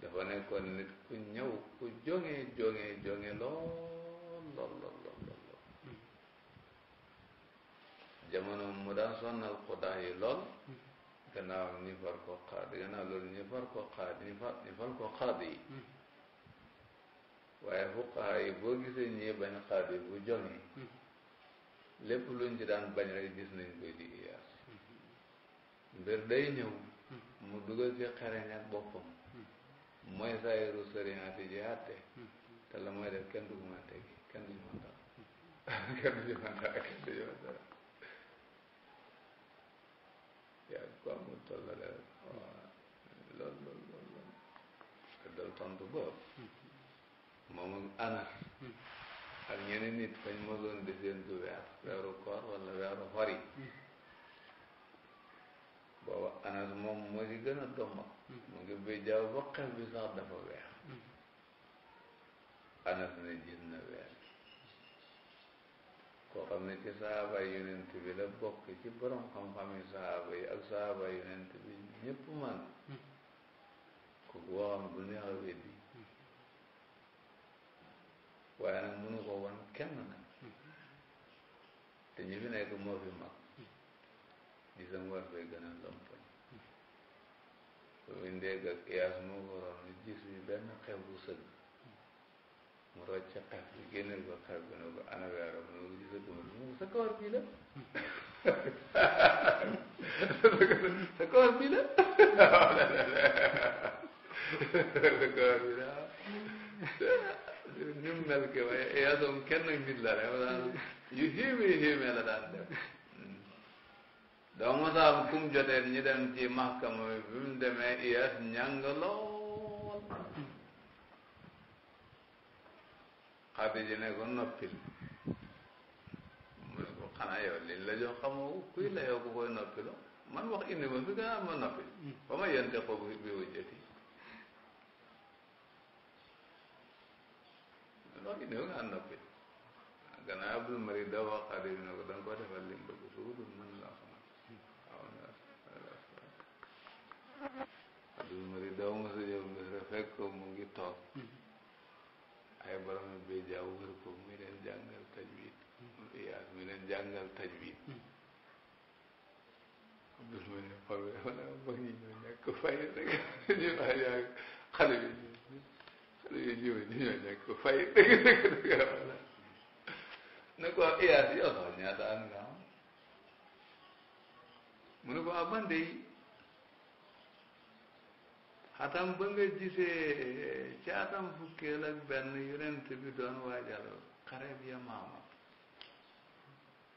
dafa nekkoon nit ku ñëw ku jonge jonge jonge lool lool lool jamono mu daan sonnal xudaa yi lool gannaaw ñi far ko xaad gannaaw loolu ñi far ko xaad ñi far ñi far ko xaad yi waaye fuqahaa yi boo gisee ñi bañ xaad yi bu jonge lépp luñ ci daan bañ rek gis nañ koy di iyaas mbir day ñëw mu dugal ci xereñat boppam mooy saayiru sëriñaati ji àtte te la mooy def kenn du ma kenn du ma [LAUGHS] kenn du ma kenn du ma dara yaa ko amul tollale waaw lool lool lool lool te dal tontu boobu moom ak anas ak ñeneen nit fañ mosoon di seen du weer weeru koor wala weeru xor yi booba anas moom moo ci gën a domma hmm. mu ngi béy jaaw ba xel bi sax dafa weex hmm. anas ne gis na weer koo xam ne ci sahaaba yonent bi la bokk ci borom xam-xam yi sahaaba yi ak sahaaba yonent bi ñëpp man kooku hmm. waxam du neex a weddi waaye nag mënu ko wan kenn nag te ñi fi nekk moo fi mag gisam war bee gën a lompoñ su bindee ga kiyaas moo waroon a gis ñu benn xef bu sëgg mu rocc xef bi génneel ko xef bi ne ko ana weeram mu ne ko ci mu sa kawar bii la [LAUGHS] sa kawar bii la sa kawar bii la ni mel ke waaye yaa doon kenn nag nit la rek yu xéemee xéemee la daan def doo mos a am kum jotee ñu dem ci mahkama bi mu demee IAS ñàng lool Xadija ne ko noppil mu ne ko xanaa yow liñ la jox xamoo kuy la yow ku koy noppiloo man wax indi ma fi ma noppil ba ma yente ko bi wujjati wax indi ma nga noppil gannaaw Abdul Mari da wax Xadija ne ko danga defal li mu bëgg su dul la Abdul Mari daw mos a ñëw ko mu ngi toog mm-hmm. ay borom bi jaaw wër ko mu leen jàngal tajwid mm-hmm. yaas mu leen jàngal tajwid Abdul Mari xobe wala bëgg ñu ñëw ñàkk fay rek ñu xale bi xale bi ñëw ñu ñëw ñàkk fay dëgg wala ne ko yaas yow sax ñaata am nga am mu ne ko ah, xatam ba nga gisee ci atam fukkeel ak benn yonent bi doon waajal xareb yamaama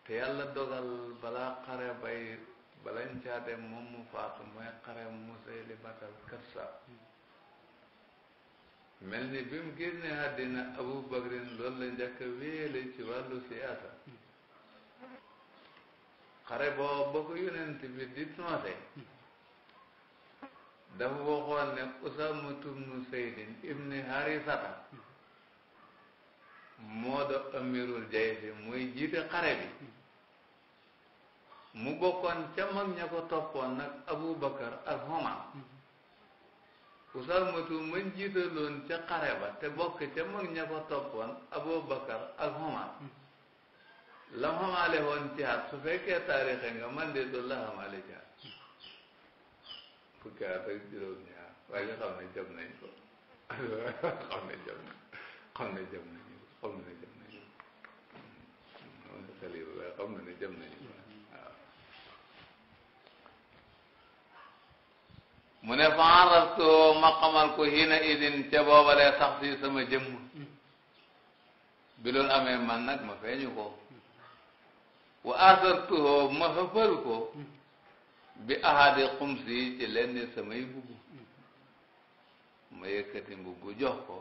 te yàlla dogal balaa xare bay balañ caa dem moom mu faatu mooy xare Musaylimatal Kazzab mel ni bi mu génne àddina Abu Bakrin loolu la njëkk a wéele ci wàllu siyaasa xare boo ba ko yonent bi di noote dafa waxoon ne Usaamatu bnu Zaydin Harisata moo doon amirul jaysi mooy jiite xare bi mu bokkoon ca mag ña ko toppoon nag Abu Bakar ak Omar Usaamatu mën jiitaloon ca xare ba te bokk ca mag ña ko toppoon Abu Bakar ak Omar la xamaale woon ci at su fekkee taarixe nga man de du la xamaale ci fukki at ak juróom ñaar waaye ñu xam ne jëm nañ ko xam ne jëm nañ xam ne jëm nañ xam ne jëm nañ xam ne xel yi waaye xam ne jëm nañ ko waaw mu ne fa araftu ma xamal ko hina idin ca boobalee sax si sama jëmm bi loolu amee man nag ma feeñu ko wa asartuhu ma xëfal ko bi ahadi xums yi ci lenn samay mbubb ma yëkkati mbubb jox ko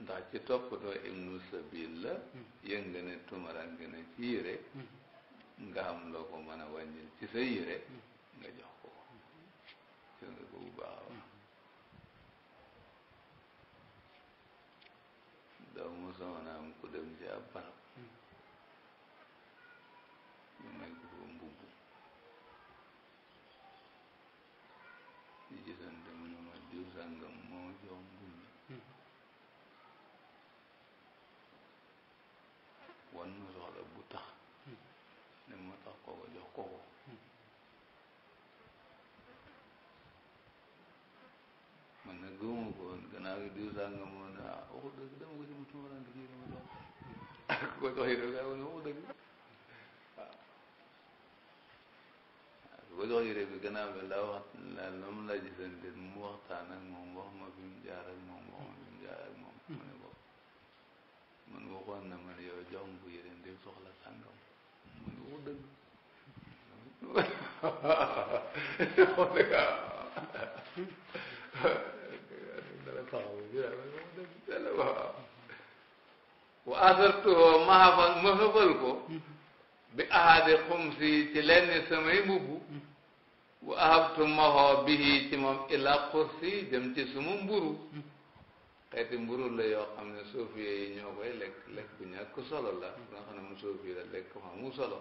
ndax ci toppatoo ibnu sabil la yënga ne tumaran gën a ci yére nga am loo ko mën a wàññil ci sa yére nga jox ko ci nga ko bu baax a baax doomu soxnaam ku dem ci ab barab ko jox yi rek amul [LAUGHS] mu dëgg waaw ko jox yi rek bi gannaaw bi la wax la mu la gisante mu waxtaan ma fi mu jaar ak moom wax ma fi mu jaar ak moom mu ne ko man waxoon na man yow ma ko yéen dem wa asartuhoo ma hafal ma hafal ko bi ahadi xumsi ci lenn samay mbubb wa ahabtu ma hoo bihi ci moom ila xursi jëm ci suma mburu xeeti mburu la yoo xam ne soofiye yi ñoo koy lekk lekk bu ñàkk solo la nga xam ne mu soofiye la lekk xam mu solo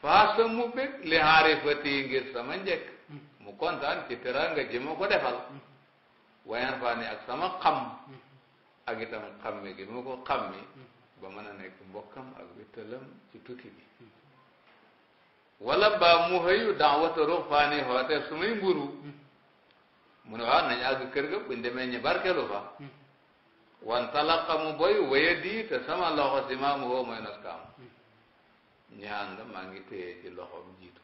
faa sa mu bég li xaarifati ngir sama njëkk mu kontaan ci teranga ji ma ko defal wayan faa ni ak sama xam ak itam xamme gi mu ko xammi mm. ba mën a nekk mbokkam ak wittalam ci tukki bi wala ba mu xëyu daawata ruxfaani hoote su may mburu mm. mu ne waaw nañ àgg kër ga buñ demee ñu barkelu fa mm. wantalaqa mu boy waya di te sama loxo si maamu woo mooy noskaam ñaan la maa ngi téye ci loxom jiitu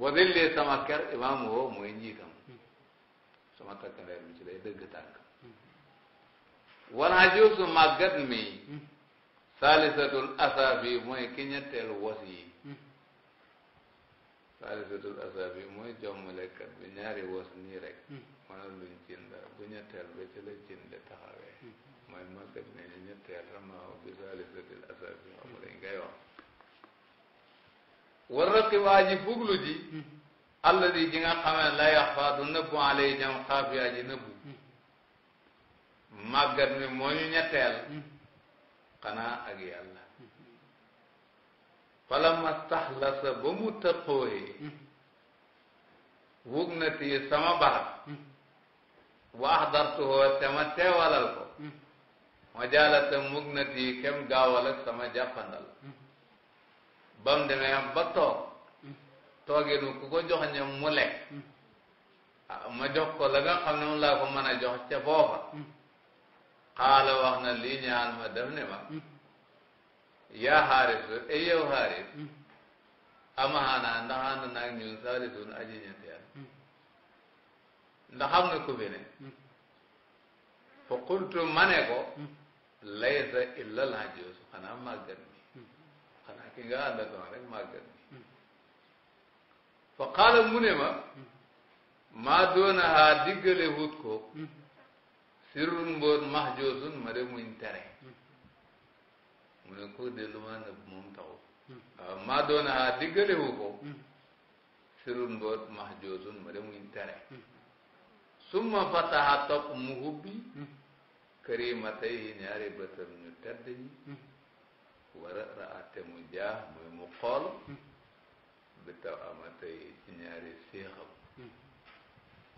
wadillee sama ker imaamu woo mooy njiitam sama takkandeer mi ci lay dëgg tànk wala jiw su màggat mi saalisatul asaafi mooy ki ñetteelu wos yi saalisatul asaafi mooy jommalekat bi ñaari wos nii rek mënal luñ cin dara bu ñetteel ba ci la cin de taxawee mooy màggat mi ñu ñetteel ramaaw bi saalisatul asaafi xam lañ koy wax war rakki waa ji buglu ji alladi ji nga xamee la yax faa du nëbbu alay jam xaafiyaa ji nëbbu màggat mi moo ñu ñetteel hmm. xanaa ak yàlla falamma staxlasa ba mu tëqooyee hmm. wug na tii sama barab hmm. wa te ma teewalal ko ma jaalata mug kem gaawal sama jàppandal ba mu demee ba toog tooginu ku ko jox ñam mu lekk ah, ma jox ko la nga xam ne moom laa ko mën a jox ca booba xaala wax na lii ñaan ma def ne ma yaa xaaris e yow xaaris ama xaanaa ndax ànd naag ñun saalisun aji ñetteel ndax xam nga ku fi ne qultu ma ne ko laysa illa lajoosu xanaa màggat mi xanaa ki nga àndatoon rek màggat mi fa qaala mu ne ma maa doonahaa diggale wut ko sirrun mbóot mahjoosun ma de muñ tere mu ko de ma nëbb moom taxu waaw maa doona haa diggalewu ko sirrun mbóot mahjoosun ma de muñ tere summa fataha topp mu hubbi karimatayhi ñaari bëtam ñu tedd ñi wara raate mu jaah mu xool bi taw amatay ci ñaari séexam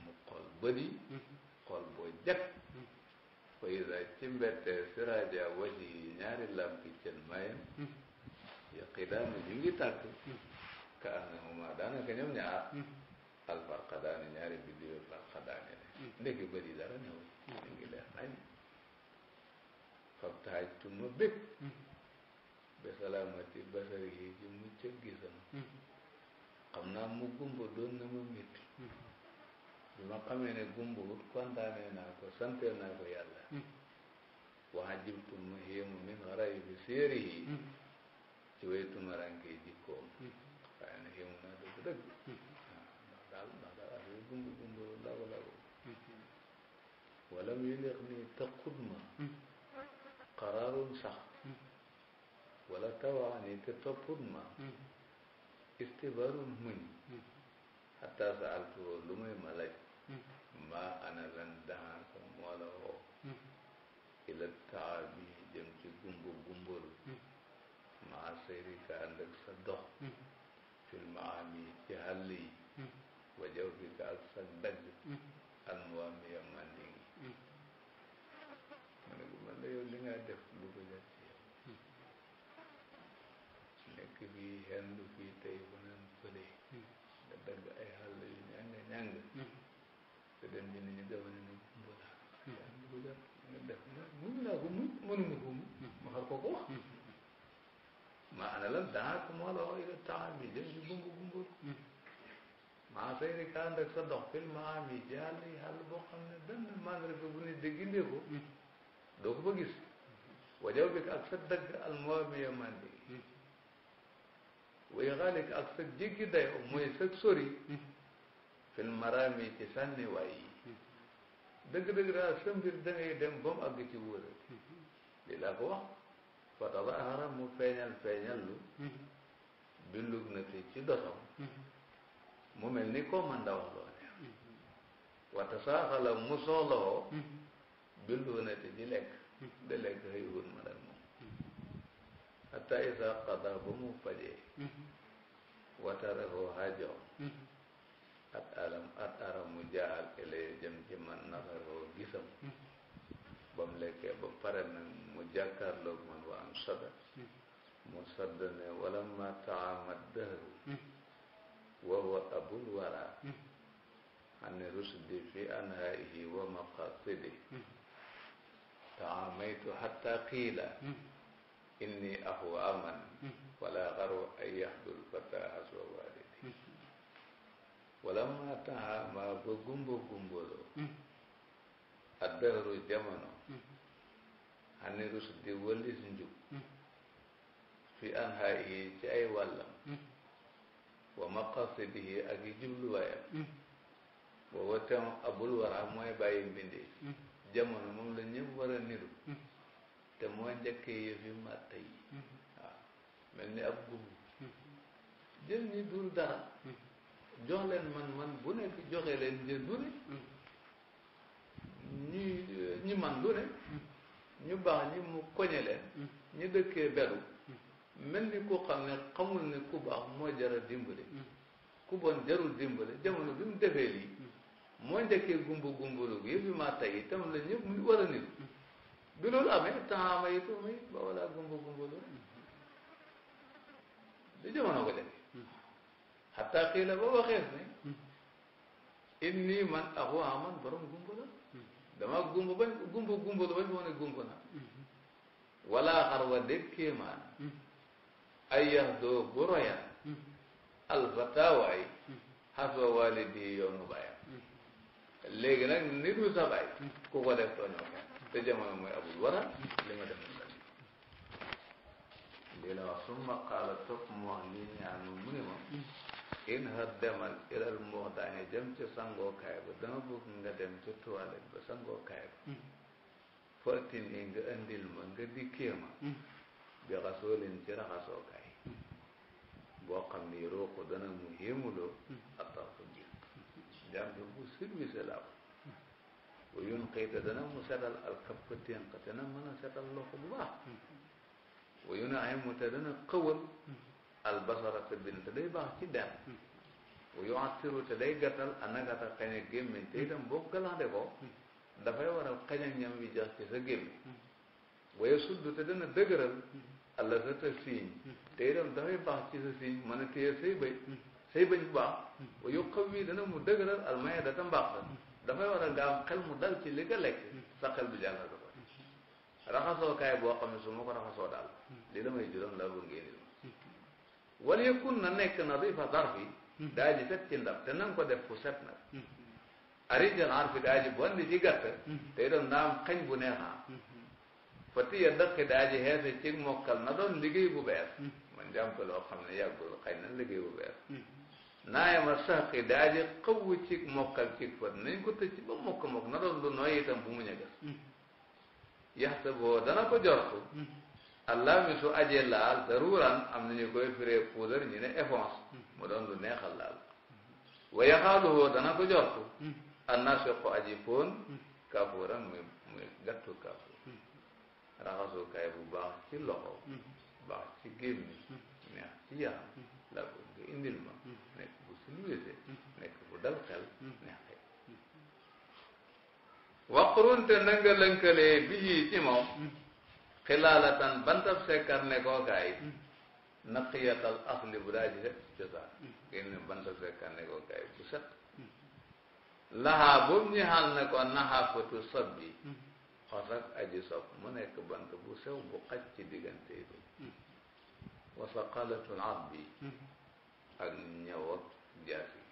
mu xool bëri xool boo jekk fayda ci mbetteel siraaja waji ñaari làmpi cën mayem yaqi daanu ñu ngi tàkk ka annahuma daanaka ñoom ñaar alfarqa daani ñaari biddiw farqa daani ne ndeke bëri dara ñëw ñu ngi leer nañ fabtaaj tuma bég ba salaamati basar yi ci mucc gisam naa mu gumba doon na ma métti bi ma xamee ne gumbuwut kontaanee naa ko santee naa ko yàlla hmm. waxa jibtu mu héemu min xarayi bi séeri yi ci hmm. way tumarankee jikkoom hmm. waaye na héemu naa dëgg dëgg ndax daal ndax daal affaire gumbu gumbu lagu lagu wala muy leex nii taqut ma xaraarum sax wala tawaani te topput ma istibaarum muñ xataa sa altuwoo lu may ma laaj maa ana lan daxaan ko moo la woo ila taa bi jëm ci gumba gumbalu maa seyri ka ànd ak sa dox fil maani ci xàll yi wa jaw fi ka ak sa dagg almuwaami dalal daanaka moo la wax ila taami jëm ci bungu bungu maa say ni kaan rek sa dox fil maa mi jaar ne benn mandarga bu ne déggindee ko doo ko gis wajaw bi ak sa dëgg al muwamiya mandi way ak sa jéggi dayo mooy sa sori fil maraami ci sànni waay yi dëgg-dëgg daal sa mbir da ngay dem ba wax fa tabaaxara mu feeñal feeñal lu billug na ci doxam mu mel ni koo man ndaw loo neex wata saaxala mu soxlawoo billug na fi di lekk di lekk xëy ma nag moom hatta isa qada ba mu fajee wata refoo xaajoom at alam at aram mu jaal ilay jëm ci man nafaroo gisam ba mu lekkee ba pare nag jàkkaarloog man wa am sada hmm. mu sadd ne wala ma taamat dëhru hmm. wa wa abul wara hmm. an rusdi fi anhaihi wa maqasidi taamaytu hatta qiila inni ahwa aman wala xarwa an yahdul fata haswa walidi wala ma taama ba gumba gumbaloo addahru jamono xani rus di wëllis njub hmm. fi anhaayihi ci ay wàllam hmm. wa maqasidihi ak yi jubluwaayam wa hmm. watam abul wara mooy bàyyi mbindi jamono moom la ñëpp war a niru te moo njëkkee yëfi màtta yi waaw mel ni ab gumb jël ñi dul dara jox leen man man bu nekk joxe leen njër du ne ñi ñi man du ne ñu baax ñi mu koñe leen mm. ñu dëkkee beru mm. mel ni ku xam ne xamul ne ku baax moo jara dimbale mm. ku bon jarul dimbale jamono bi mu defee lii moo njëkkee gumba gumbalu gi yëpp maa tey itam la ñëpp mu war a nit bi loolu amee taxaama yi tuumi ba walla gumba gumbalu du jamono ko def xataa xii la ba waxees ni inni man axu aman borom gumba la dama gumba ba gumba gumba lu bañ moo ne gumba na mhm. wala xar wa dégg kéemaan mhm. ay yax doo bu royan mhm. alfataawaay xaswa waalidi yoonu bàyyam léegi nag nit ñu sa ku ko def tooñoo ko te jamono mooy abul wara li ma def lii la wax summa qaala topp mu wax lii ñaan mu ne in haddamal ilal muxdaani jëm ci sangookaay ba dama bëgg nga dem ci toilette ba sangookaay ba fortin yi nga andil ma nga dikkee ma bi xasooleen ci raxasookaay boo xam ni ruuxu dana mu yéemuloo ak tax ko jël jàmm bu service la ko bu yun xiita dana mu setal alkab ko ténq te na mën a setal loxo bu baax bu yun ay mu te dana xëwal albasara te bind te day baax ci dem bu yuassiru te day gàttal a nagata xañ a gémmiñ te itam boo galaxde ko dafay waral xañ a ñam wi jax ci sa gémmiñ waaye sudd te dana dëgëral alla sa ta siiñ te itam dafay baax ci sa siiñ mën a téye say bëñ say bëñ bu baax wa yu xaw wii dana mu dëgëral almaya data mbaax dafay waral nga am xel mu dal ci hmm. li nga lekk sa xel du jàll ko raxasoo kaay boo xam ne su ma ko raxasoo daal li damay juróom laa bëgg ngeen wala yakun na nekk na duy fa zarfi daa ji set ci ndab te nanga ko def ku set nag arijal arfi daa ji bon di ci gàtt tey doon daa am xañ bu neexaa fatiya dëkki daa ji xeese ci mokkal na doon liggéey bu bees man jàm ko loo xam ne yàggul xëy na liggéey bu bees naayama saxi daa ji xawwu mokkal ci fat nañ ko tëj ci ba mokk mokk na lu nooy itam bu mu ñëgas yaxta boo dana ko jortu allaami su aje laal daruran am nañu koy firee poudre ñu ne éponge mu doon lu neexal laal wa yaxaaluhu dana ko jortu annasiqu aji foon kafuuran muy muy gattu kafuur raxasukaay bu baax ci loxo baax ci gémmi neex ci yaram la ko nga indil ma nekk bu silwise nekk bu dal xel neex xëy waqurunte na nga lënkalee bi ci moom xilaalatan bantab sekkar ne koo kaay naqiyatal asli bu daa ji set cosaan mm. génne sekkar ne koo bu set lahaa boobu ñu xaal ne ko naxaafatu sob bi mm. xos ak aji sob mu nekk bant bu sew bu xaj ci diggante yi wasaqalatul ab bi mm. ak ñëw ak jaas yi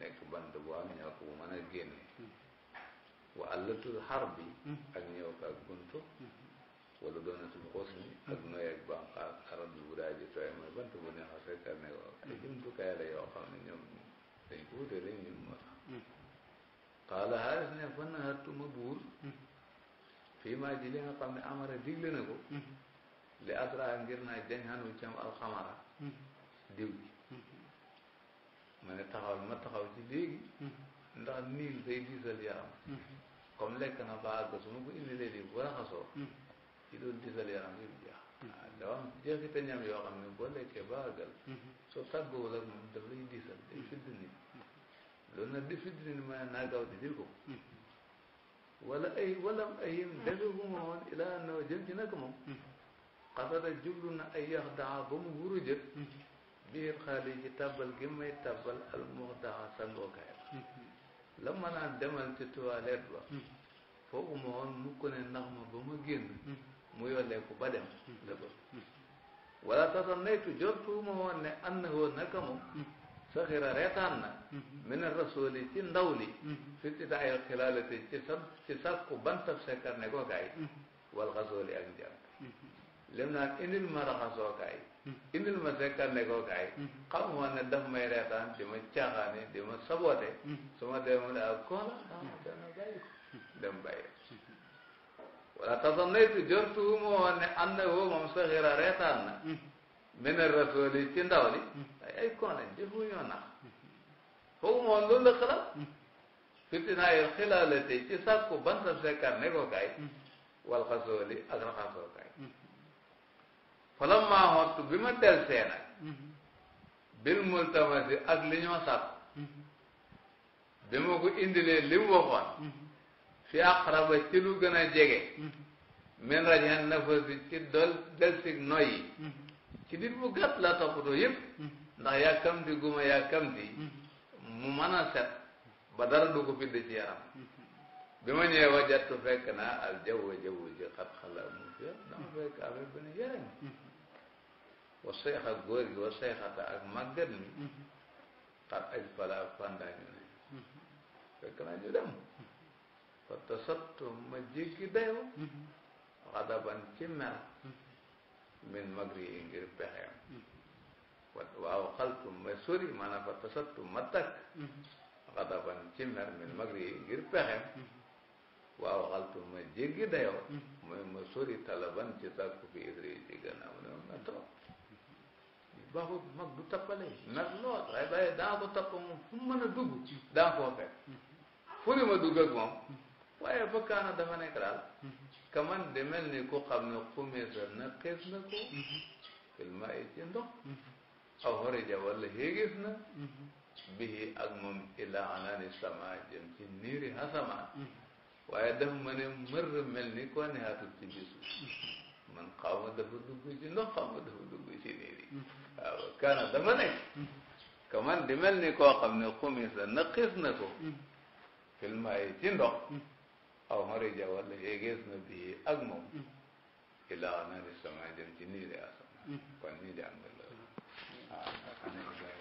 nekk bant bu am ñëw bu mën a génne wa allatul xar bi ak ñëw ko ak guntu wala doonatul xos mi ak nooy ak banqaas aradu bu daa tooy mooy bant bu neex a fekkal ne ko hmm. ay jumtukaay la yoo xam ne ñoom dañ ko wute rek ñun moo hmm. hmm. fii maa ji xam ne amara digle na ko naa jañ xanu ma taxaw ma taxaw ci léegi ndax niil day diisal yaram comme lekk na ba àgg su ma ko indilee di bu raxasoo ci doon diisal yaram bi mu jeex waaw ñam yoo xam ne boo lekkee ba àggal soo tàggoowul ak moom daf lay diisal di fidd nit ma naa gaaw di dil hmm. hmm. ko hmm. wala ay walam ayim defeguma woon ilaa naw jëm ci nag moom xasada na ay yax daa ba mu wuru jët biir xaali ci gi may tàbbal almox daa sangookaay la ma naan demal ci toilette ba foogu ma woon mukk ma ba ma génn mu yolleeku ba dem la ba wala tason naytu jortuuma woon ne annahu naka moom saxira reetaan na min rasuli ci ndaw li fitti daayal xilaalati ci ci sàkku bantab sekkar ne ko kaay wal xasooli ak njàng lim naan indil ma raxasoo kaay indil ma sekkar ne ko kaay xam woon ne daf may di ma caaxaani di ma saboote so ma demee mu ne ak ah, koola ah, dama bàyyi ko dem bàyyi wala tasamnaytu jortuhu ma woon ne annahu moom saxira reetaan na min mm. rasuli ci ndaw li ay mm. ay koone jëfu ñoo nax foogu ma woon loolu la xalaat mm. fitinaayil xilaalate ci sàkku banta sekkat ne ko kaay wal xasooli ak raxasoo kaay falam maa xottu bi ma del see nag bil multamasi ak li ñoo sàkku bi ma ko indilee li mu fi aqraba ci lu gën a jege min rajan nafasi ci dol delsig noyyi ci nit bu gàtt la toppatoo yëpp ndax yàkkamti guma yàkkamti mu mën set ba dara du ko bind ci yaram bi ma ñëwee wajattu fekk naa al jaww jaww ji xat xala mu fi dama fekk affaire bi ne yaram wa seexa góor gi ak màggat mi xat aj pala fàndaa ñu ne fekk naa ñu dem fa tasattu ma jéggi dayo xadaban ci min magri yi ngir pexeem waaw ma sori maanaam fa tasattu ma takk xadaban ci min magri yi ngir pexeem waaw ma jéggi dayo ma sori talaban ci sàkku fi idri ci gannaaw ne ma toog baaxut mag du tappale mer lool waaye bàyyi daa ko tappa mu mën a dugg daa koo fekk ma dugg ak waaye fa kaana dafa nekk daal kaman mhm. di mel ni ku xam ne xumisa na xees na ko mhm. filma yi ci ndox mhm. aw xorija wala xéegis na bihi ak moom ila anaani sama jëm ci niiri hasamaan waaye daf ma mër mel ni koo ne xaatul ci bisu man xaw dafa dugg ci ndox xaw dafa dugg ci niiri kaana dafa nekk kaman di mel ni ko xam ne xumisa na xees na ko filma yi ci ndox aw marija walla yéegees na bii ak moom ilaa naa di sama jëm ci niiri asamaan kon ñu jàng loolu